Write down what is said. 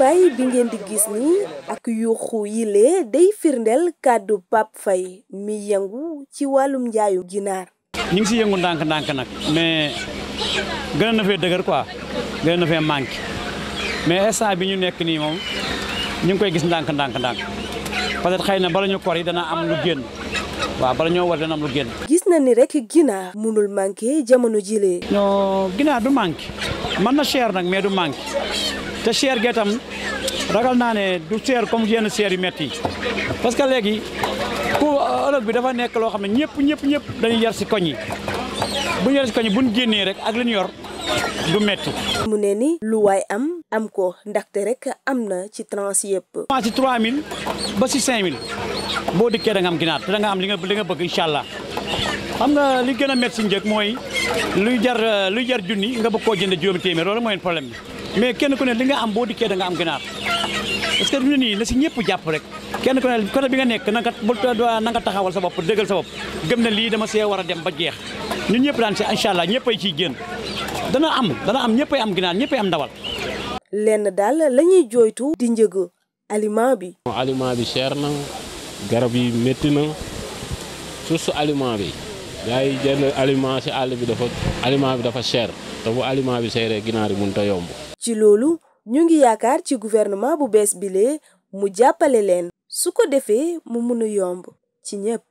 làmbaay bi ngeen di gis ni ak yuuxu yile day firndeel kàddu Pape fay mi yëngu ci wàllum njaayu ginaar ñu ngi si yëngu ndànk-ndànk nag mais gën na fee dëgër quoi gën na fee mais bi ñu nekk nii moom ñu ngi koy gis ndànk-ndànk ndànk ndànk ndànk xëy na bala ñu kor am lu génn waaw bala ñoo war dana am lu génn gis jamono jilee non ginaar du na cher nag mais du manqué te cher gi tam ragal naa ne du cher comme yenn seer yu métti yi parce que léegi ku ëllëg bi dafa nekk loo xam ne ñëpp ñëpp ñëpp dañuy yar si koñ yi bu ñu yar si koñ rek ak li yor du mu ne ni lu waay am am ko ndaxte rek am na ci tranche yëpp. commencé si 3000 ba si 5000 boo dikkee da am ginaar te da nga am li nga li nga bëgg incha allah xam nga li gën a métti si njëg mooy luy jar luy jar junni nga bëgg koo jënd juróomi téeméer loolu mooy problème bi. mais kenn ku ne li nga am boo dikkee da nga am ginaar parce que du nii la si ñëpp jàpp rek kenn ku ne côté bi nga nekk na nga bul na nga taxawal sa bopp dëggal sa bopp na lii dama see war a dem ba jeex ñun ñëpp daan si incha allah ñëpp ay ciy génn dana am dana am ñëpp ay am ginaar ñëpp am ndawal. lenn daal lañuy ñuy jooytu di njëg aliment bi. aliment bi cher na garab yi métti na surtout aliment bi. yaa ngi jënd aliment àll bi dafa aliment bi dafa cher te bu aliment bi seeree ginaar yi mënut a yomb. ci loolu ñu ngi yaakaar ci gouvernement bu bees bile mu jàppale leen su ko defee mu mën a yomb ci ñépp